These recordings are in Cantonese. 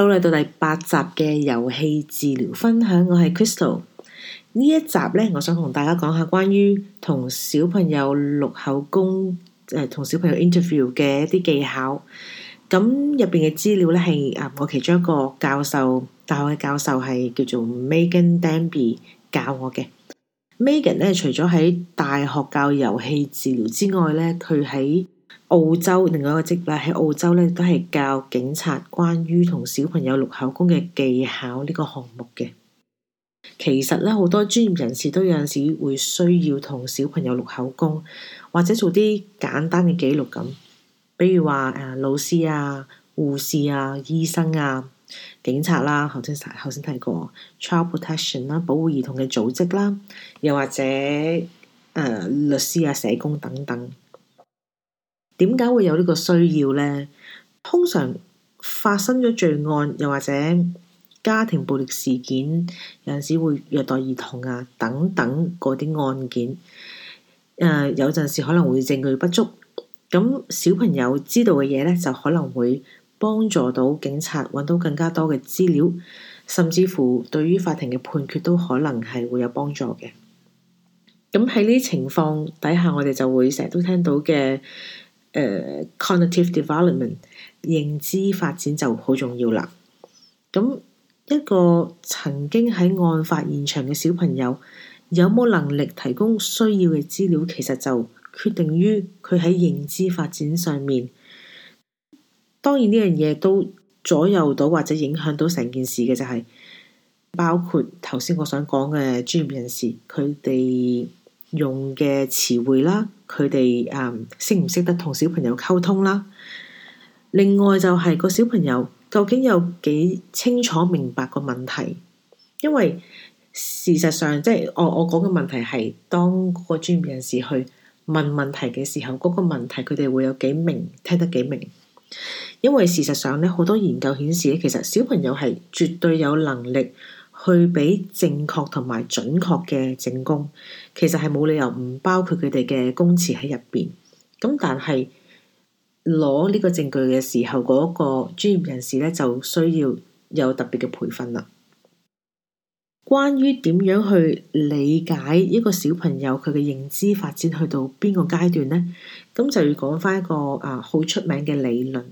到嚟到第八集嘅遊戲治療分享，我係 Crystal。呢一集咧，我想同大家講下關於同小朋友錄口供誒，同小朋友 interview 嘅一啲技巧。咁入邊嘅資料咧係啊，我其中一個教授，大學嘅教授係叫做 Megan Danby 教我嘅。Megan 咧，除咗喺大學教遊戲治療之外咧，佢喺，澳洲另外一個職位，喺澳洲咧都係教警察關於同小朋友錄口供嘅技巧呢個項目嘅。其實咧好多專業人士都有陣時會需要同小朋友錄口供，或者做啲簡單嘅記錄咁。比如話誒老師啊、護士啊、醫生啊、警察啦、啊，頭先頭先提過 child protection 啦，保護兒童嘅組織啦、啊，又或者誒、呃、律師啊、社工等等。點解會有呢個需要呢？通常發生咗罪案，又或者家庭暴力事件，有陣時會虐待兒童啊，等等嗰啲案件。誒、呃，有陣時可能會證據不足，咁小朋友知道嘅嘢呢，就可能會幫助到警察揾到更加多嘅資料，甚至乎對於法庭嘅判決都可能係會有幫助嘅。咁喺呢啲情況底下，我哋就會成日都聽到嘅。誒、uh，Cognitive Development 認知發展就好重要啦。咁一個曾經喺案發現場嘅小朋友有冇能力提供需要嘅資料，其實就決定於佢喺認知發展上面。當然呢樣嘢都左右到或者影響到成件事嘅、就是，就係包括頭先我想講嘅專業人士，佢哋。用嘅詞彙啦，佢哋誒識唔識得同小朋友溝通啦？另外就係個小朋友究竟有幾清楚明白個問題？因為事實上，即係我我講嘅問題係當個專業人士去問問題嘅時候，嗰個問題佢哋會有幾明，聽得幾明？因為事實上呢，好多研究顯示，其實小朋友係絕對有能力。去俾正確同埋準確嘅證供，其實係冇理由唔包括佢哋嘅供詞喺入邊。咁但係攞呢個證據嘅時候，嗰、那個專業人士咧就需要有特別嘅培訓啦。關於點樣去理解一個小朋友佢嘅認知發展去到邊個階段呢？咁就要講翻一個啊好、呃、出名嘅理論，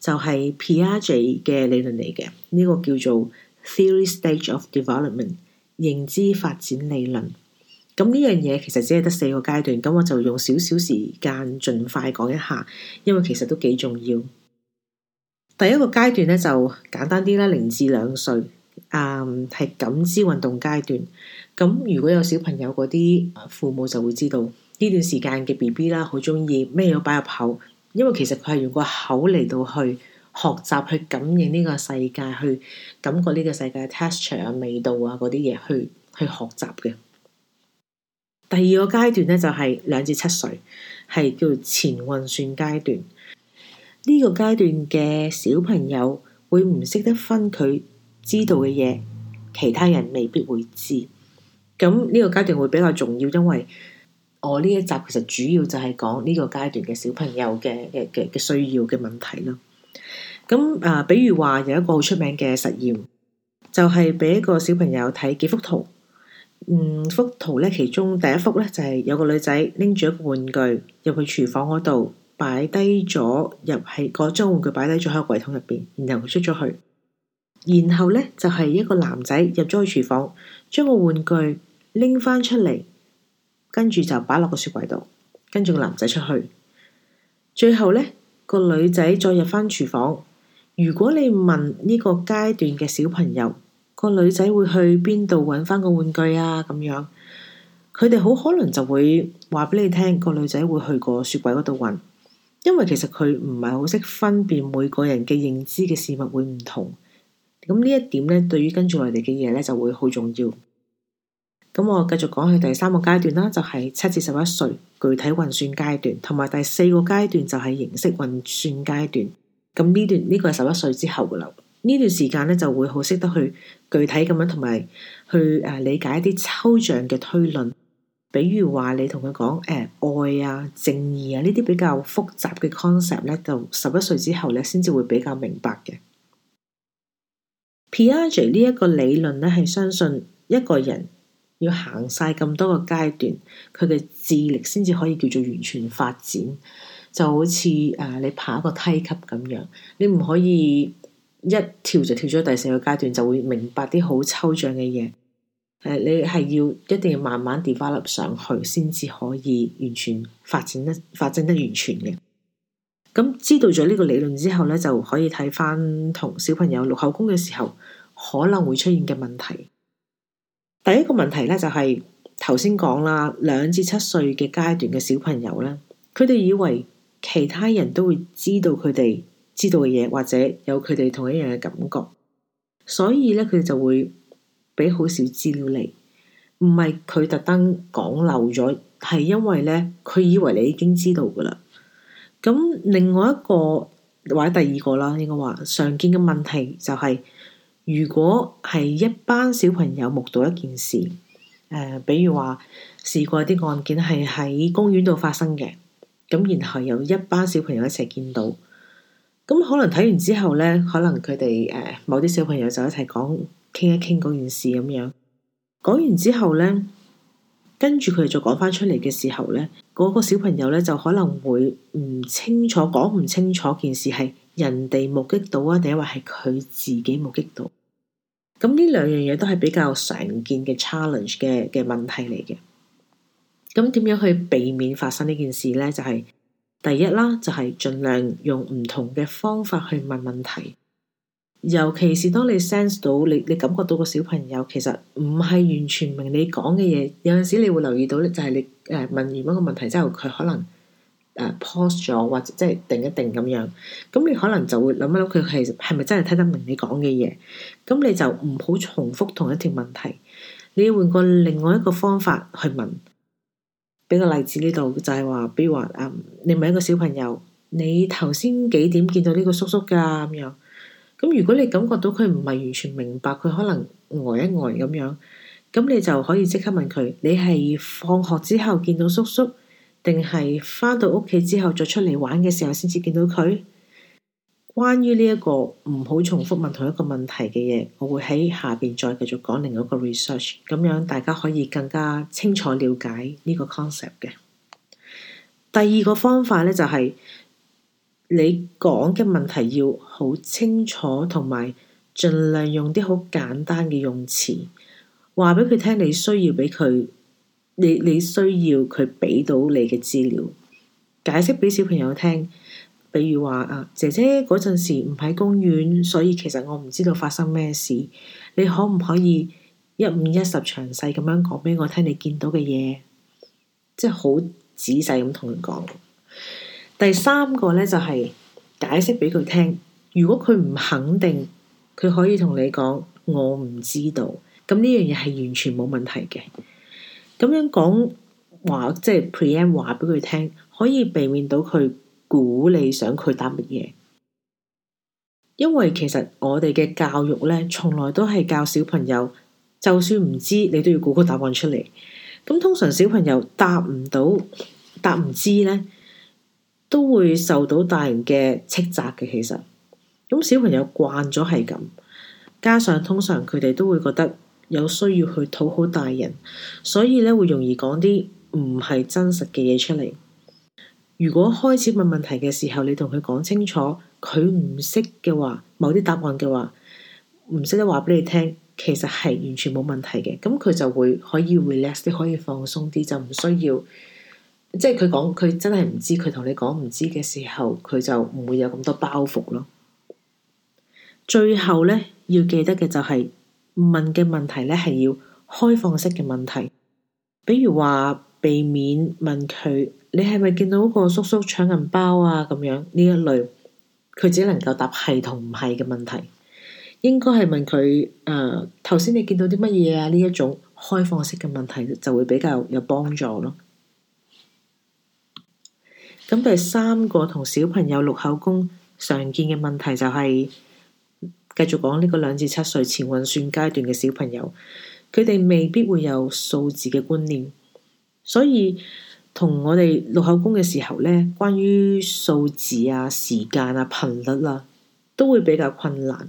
就係、是、Piaget 嘅理論嚟嘅，呢、這個叫做。Theory Stage of Development，認知發展理論。咁呢樣嘢其實只係得四個階段，咁我就用少少時間盡快講一下，因為其實都幾重要。第一個階段咧就簡單啲啦，零至兩歲，誒、嗯、係感知運動階段。咁如果有小朋友嗰啲父母就會知道呢段時間嘅 B B 啦，好中意咩嘢擺入口，因為其實佢係用個口嚟到去。學習去感應呢個世界，去感覺呢個世界 texture 啊、味道啊嗰啲嘢，去去學習嘅。第二個階段咧就係兩至七歲，係叫做前運算階段。呢個階段嘅小朋友會唔識得分佢知道嘅嘢，其他人未必會知。咁呢個階段會比較重要，因為我呢一集其實主要就係講呢個階段嘅小朋友嘅嘅嘅嘅需要嘅問題咯。咁啊、呃，比如話有一個好出名嘅實驗，就係、是、俾一個小朋友睇幾幅圖。嗯，幅圖咧，其中第一幅咧就係、是、有個女仔拎住一個玩具去廚入去廚房嗰度，擺低咗入喺個將玩具擺低咗喺個櫃桶入邊，然後佢出咗去。然後咧就係、是、一個男仔入咗去廚房，將個玩具拎翻出嚟，跟住就擺落個雪櫃度，跟住個男仔出去，最後咧。個女仔再入翻廚房。如果你問呢個階段嘅小朋友，個女仔會去邊度揾翻個玩具啊？咁樣，佢哋好可能就會話俾你聽，個女仔會去個雪櫃嗰度揾，因為其實佢唔係好識分辨每個人嘅認知嘅事物會唔同。咁呢一點呢，對於跟住我哋嘅嘢呢，就會好重要。咁我繼續講去第三個階段啦，就係、是、七至十一歲具體運算階段，同埋第四個階段就係形式運算階段。咁呢段呢、這個係十一歲之後嘅啦，呢段時間咧就會好識得去具體咁樣，同埋去誒理解一啲抽象嘅推論。比如話你同佢講誒、愛啊、正義啊呢啲比較複雜嘅 concept 咧，就十一歲之後咧先至會比較明白嘅。Piaget 呢一個理論咧係相信一個人。要行晒咁多個階段，佢嘅智力先至可以叫做完全發展，就好似誒、啊、你爬一個梯級咁樣，你唔可以一跳就跳咗第四個階段，就會明白啲好抽象嘅嘢。誒、啊，你係要一定要慢慢 develop 上去，先至可以完全發展得發展得完全嘅。咁知道咗呢個理論之後咧，就可以睇翻同小朋友錄口供嘅時候可能會出現嘅問題。第一個問題咧就係頭先講啦，兩至七歲嘅階段嘅小朋友咧，佢哋以為其他人都會知道佢哋知道嘅嘢，或者有佢哋同一樣嘅感覺，所以咧佢哋就會俾好少資料你。唔係佢特登講漏咗，係因為咧佢以為你已經知道噶啦。咁另外一個或者第二個啦，應該話常見嘅問題就係。如果係一班小朋友目睹一件事，誒、呃，比如話試過啲案件係喺公園度發生嘅，咁然後有一班小朋友一齊見到，咁可能睇完之後咧，可能佢哋誒某啲小朋友就一齊講，傾一傾嗰件事咁樣，講完之後咧，跟住佢哋再講翻出嚟嘅時候咧，嗰個小朋友咧就可能會唔清楚，講唔清楚件事係。人哋目擊到啊，定係話係佢自己目擊到？咁呢兩樣嘢都係比較常見嘅 challenge 嘅嘅問題嚟嘅。咁點樣去避免發生呢件事呢？就係、是、第一啦，就係、是、盡量用唔同嘅方法去問問題。尤其是當你 sense 到你你感覺到個小朋友其實唔係完全明你講嘅嘢，有陣時你會留意到咧，就係你誒問完一個問題之後，佢可能。誒 pause 咗、呃、或者即係定一定咁樣，咁你可能就會諗一諗佢係係咪真係聽得明你講嘅嘢？咁你就唔好重複同一條問題，你要換個另外一個方法去問。俾個例子呢度就係、是、話，比如話啊、嗯，你問一個小朋友，你頭先幾點見到呢個叔叔㗎？咁樣？咁如果你感覺到佢唔係完全明白，佢可能呆、呃、一呆、呃、咁樣，咁你就可以即刻問佢，你係放學之後見到叔叔。定係返到屋企之後再出嚟玩嘅時候先至見到佢。關於呢一個唔好重複問同一個問題嘅嘢，我會喺下邊再繼續講另一個 research，咁樣大家可以更加清楚了解呢個 concept 嘅。第二個方法呢就係、是、你講嘅問題要好清楚，同埋盡量用啲好簡單嘅用詞話俾佢聽，你需要俾佢。你你需要佢俾到你嘅資料，解釋俾小朋友聽，比如話啊姐姐嗰陣時唔喺公園，所以其實我唔知道發生咩事。你可唔可以一五一十詳細咁樣講俾我聽你見到嘅嘢？即係好仔細咁同佢講。第三個咧，就係解釋俾佢聽，如果佢唔肯定，佢可以同你講我唔知道，咁呢樣嘢係完全冇問題嘅。咁樣講話，即係 prem 話俾佢聽，可以避免到佢估你想佢答乜嘢。因為其實我哋嘅教育咧，從來都係教小朋友，就算唔知，你都要估個答案出嚟。咁通常小朋友答唔到，答唔知咧，都會受到大人嘅斥責嘅。其實，咁小朋友慣咗係咁，加上通常佢哋都會覺得。有需要去討好大人，所以呢，會容易講啲唔係真實嘅嘢出嚟。如果開始問問題嘅時候，你同佢講清楚，佢唔識嘅話，某啲答案嘅話，唔識得話畀你聽，其實係完全冇問題嘅。咁佢就會可以 relax 啲，可以放鬆啲，就唔需要即係佢講，佢真係唔知，佢同你講唔知嘅時候，佢就唔會有咁多包袱咯。最後呢，要記得嘅就係。問嘅問題咧，係要開放式嘅問題，比如話避免問佢，你係咪見到個叔叔搶銀包啊，咁樣呢一類，佢只能夠答係同唔係嘅問題，應該係問佢誒，頭先你見到啲乜嘢啊，呢一種開放式嘅問題就會比較有幫助咯。咁第三個同小朋友錄口供常見嘅問題就係、是。繼續講呢個兩至七歲前運算階段嘅小朋友，佢哋未必會有數字嘅觀念，所以同我哋錄口供嘅時候咧，關於數字啊、時間啊、頻率啦、啊，都會比較困難。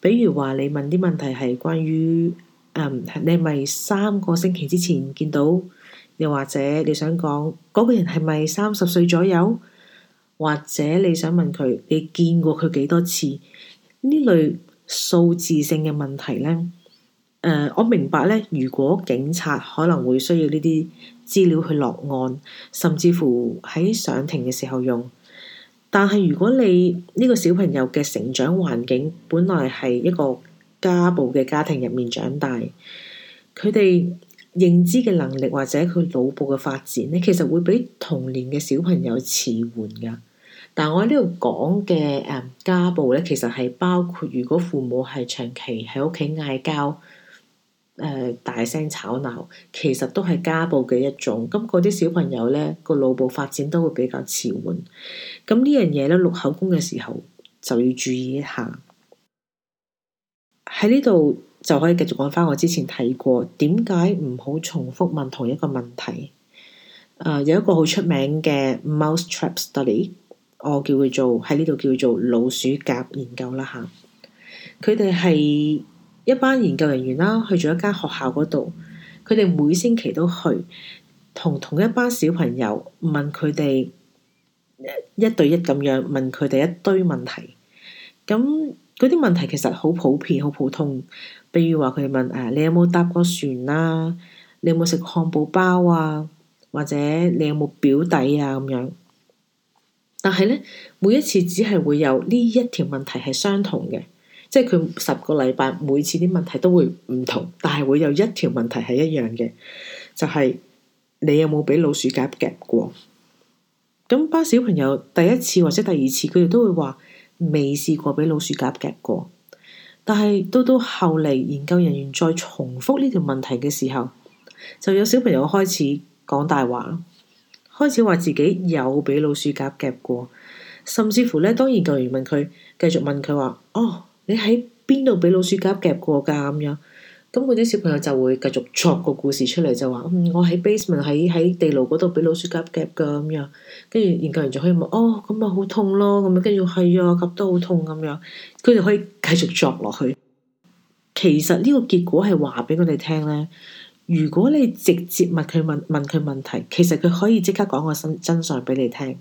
比如話你問啲問題係關於誒、嗯，你係咪三個星期之前見到？又或者你想講嗰、嗰個人係咪三十歲左右？或者你想問佢，你見過佢幾多次？呢類數字性嘅問題咧，誒、呃，我明白咧。如果警察可能會需要呢啲資料去落案，甚至乎喺上庭嘅時候用。但係如果你呢、這個小朋友嘅成長環境本來係一個家暴嘅家庭入面長大，佢哋認知嘅能力或者佢腦部嘅發展咧，其實會比同年嘅小朋友遲緩㗎。但係我喺呢度講嘅家暴咧，其實係包括如果父母係長期喺屋企嗌交，誒、呃、大聲吵鬧，其實都係家暴嘅一種。咁嗰啲小朋友咧個腦部發展都會比較遲緩。咁呢樣嘢咧，錄口供嘅時候就要注意一下。喺呢度就可以繼續講翻我之前提過，點解唔好重複問同一個問題？誒、呃，有一個好出名嘅 Mouse Trap Study。我叫佢做喺呢度叫做老鼠夾研究啦，吓佢哋係一班研究人員啦，去咗一間學校嗰度，佢哋每星期都去同同一班小朋友問佢哋一對一咁樣問佢哋一堆問題，咁嗰啲問題其實好普遍、好普通，比如話佢哋問誒、啊，你有冇搭過船啊？你有冇食漢堡包啊？或者你有冇表弟啊？咁樣。但係咧，每一次只係會有呢一條問題係相同嘅，即係佢十個禮拜每次啲問題都會唔同，但係會有一條問題係一樣嘅，就係你有冇俾老鼠夾夾過？咁班小朋友第一次或者第二次，佢哋都會話未試過俾老鼠夾夾過。但係到到後嚟，研究人員再重複呢條問題嘅時候，就有小朋友開始講大話。開始話自己有俾老鼠夾夾過，甚至乎咧，當研究員問佢，繼續問佢話：哦，你喺邊度俾老鼠夾夾過噶？咁樣，咁嗰啲小朋友就會繼續作個故事出嚟，就話：嗯，我喺 basement 喺喺地牢嗰度俾老鼠夾夾噶咁樣。跟住研究員就可以問：哦，咁咪好痛咯？咁樣，跟住係啊，夾得好痛咁樣，佢哋可以繼續作落去。其實呢個結果係話俾我哋聽咧。如果你直接問佢問問佢問題，其實佢可以即刻講個真相俾你聽。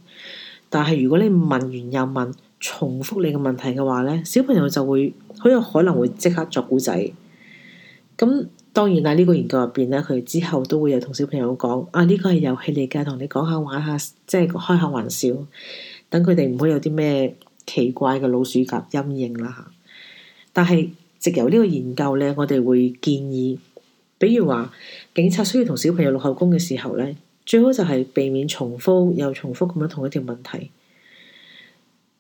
但係如果你問完又問，重複你嘅問題嘅話呢，小朋友就會好有可能會即刻作古仔。咁當然啦，呢個研究入邊呢，佢之後都會有同小朋友講啊，呢個係遊戲嚟噶，同你講下玩下，即係開下玩笑，等佢哋唔會有啲咩奇怪嘅老鼠夾陰影啦。但係藉由呢個研究呢，我哋會建議。比如話警察需要同小朋友錄口供嘅時候咧，最好就係避免重複又重複咁樣同一條問題。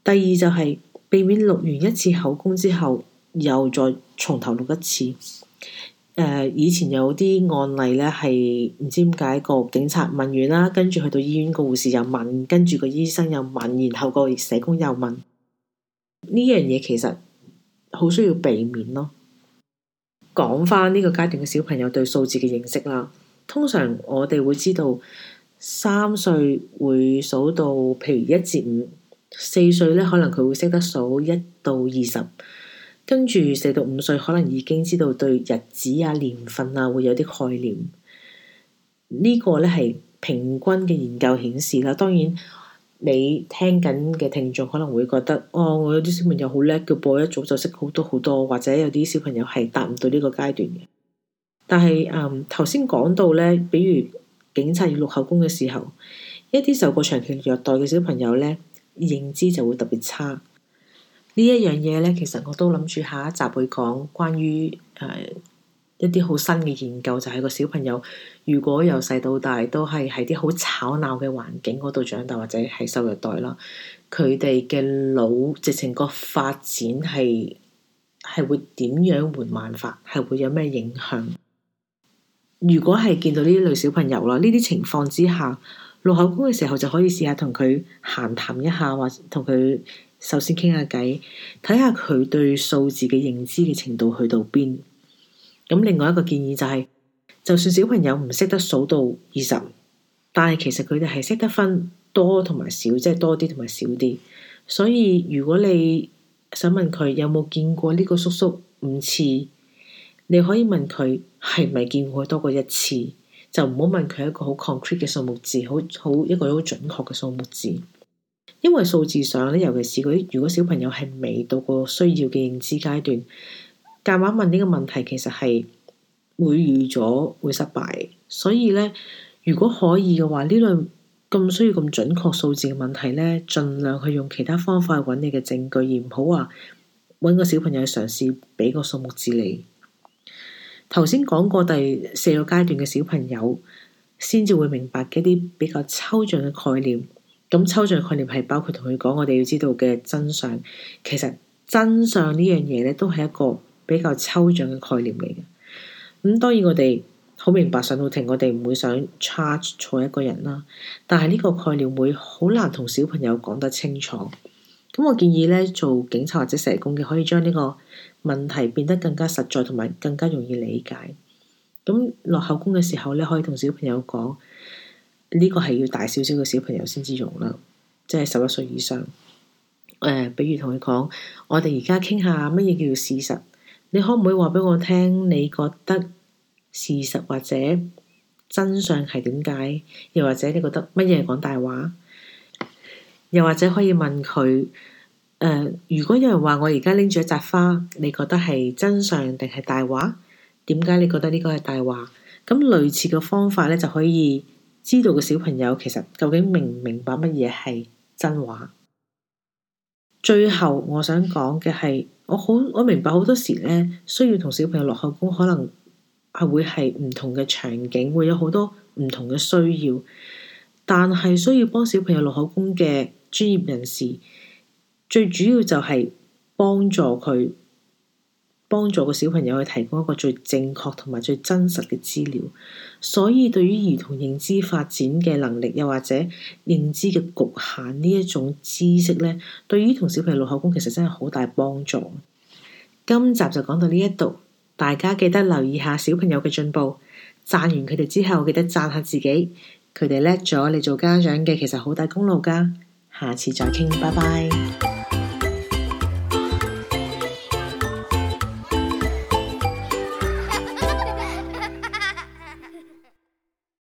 第二就係、是、避免錄完一次口供之後又再重頭錄一次。誒、呃，以前有啲案例咧係唔知點解個警察問完啦，跟住去到醫院個護士又問，跟住個醫生又問，然後個社工又問呢樣嘢，其實好需要避免咯。講翻呢個階段嘅小朋友對數字嘅認識啦，通常我哋會知道三歲會數到，譬如一至五；四歲咧可能佢會識得數到一到二十，跟住四到五歲可能已經知道對日子啊、年份啊會有啲概念。呢個咧係平均嘅研究顯示啦，當然。你聽緊嘅聽眾可能會覺得，哦，我有啲小朋友好叻嘅噃，叫播一早就識好多好多，或者有啲小朋友係達唔到呢個階段嘅。但係，嗯，頭先講到咧，比如警察要錄口供嘅時候，一啲受過長期虐待嘅小朋友咧，認知就會特別差。呢一樣嘢咧，其實我都諗住下一集會講關於誒，呃一啲好新嘅研究就係、是、個小朋友，如果由細到大都係喺啲好吵鬧嘅環境嗰度長大，或者係受虐待啦，佢哋嘅腦直情個發展係係會點樣緩慢法？係會有咩影響？如果係見到呢類小朋友啦，呢啲情況之下，錄口供嘅時候就可以試下同佢閒談一下，或同佢首先傾下偈，睇下佢對數字嘅認知嘅程度去到邊。咁另外一個建議就係、是，就算小朋友唔識得數到二十，但係其實佢哋係識得分多同埋少，即係多啲同埋少啲。所以如果你想問佢有冇見過呢個叔叔五次，你可以問佢係咪見過多過一次，就唔好問佢一個好 concrete 嘅數目字，好好一個好準確嘅數目字。因為數字上咧，尤其是嗰如果小朋友係未到個需要嘅認知階段。介晚問呢個問題，其實係會預咗會失敗，所以呢，如果可以嘅話，呢類咁需要咁準確數字嘅問題呢，盡量去用其他方法揾你嘅證據，而唔好話揾個小朋友去嘗試俾個數目字你。頭先講過第四個階段嘅小朋友先至會明白一啲比較抽象嘅概念。咁抽象概念係包括同佢講，我哋要知道嘅真相。其實真相呢樣嘢呢，都係一個。比較抽象嘅概念嚟嘅，咁當然我哋好明白，上到庭我哋唔會想 charge 錯一個人啦。但係呢個概念會好難同小朋友講得清楚。咁我建議呢，做警察或者社工嘅可以將呢個問題變得更加實在，同埋更加容易理解。咁落口供嘅時候咧，可以同小朋友講呢個係要大少少嘅小朋友先至用啦，即係十一歲以上。誒、呃，比如同佢講，我哋而家傾下乜嘢叫做事實。你可唔可以話畀我聽你覺得事實或者真相係點解？又或者你覺得乜嘢係講大話？又或者可以問佢，呃，如果有人話我而家拎住一扎花，你覺得係真相定係大話？點解你覺得呢個係大話？咁類似嘅方法咧，就可以知道個小朋友其實究竟明唔明白乜嘢係真話。最後我想講嘅係。我好，我明白好多時呢，需要同小朋友落口供，可能係會係唔同嘅場景，會有好多唔同嘅需要，但係需要幫小朋友落口供嘅專業人士，最主要就係幫助佢。幫助個小朋友去提供一個最正確同埋最真實嘅資料，所以對於兒童認知發展嘅能力，又或者認知嘅局限，呢一種知識呢，對於同小朋友錄口供其實真係好大幫助。今集就講到呢一度，大家記得留意下小朋友嘅進步，讚完佢哋之後記得讚下自己，佢哋叻咗，你做，做家長嘅其實好大功勞㗎。下次再傾，拜拜。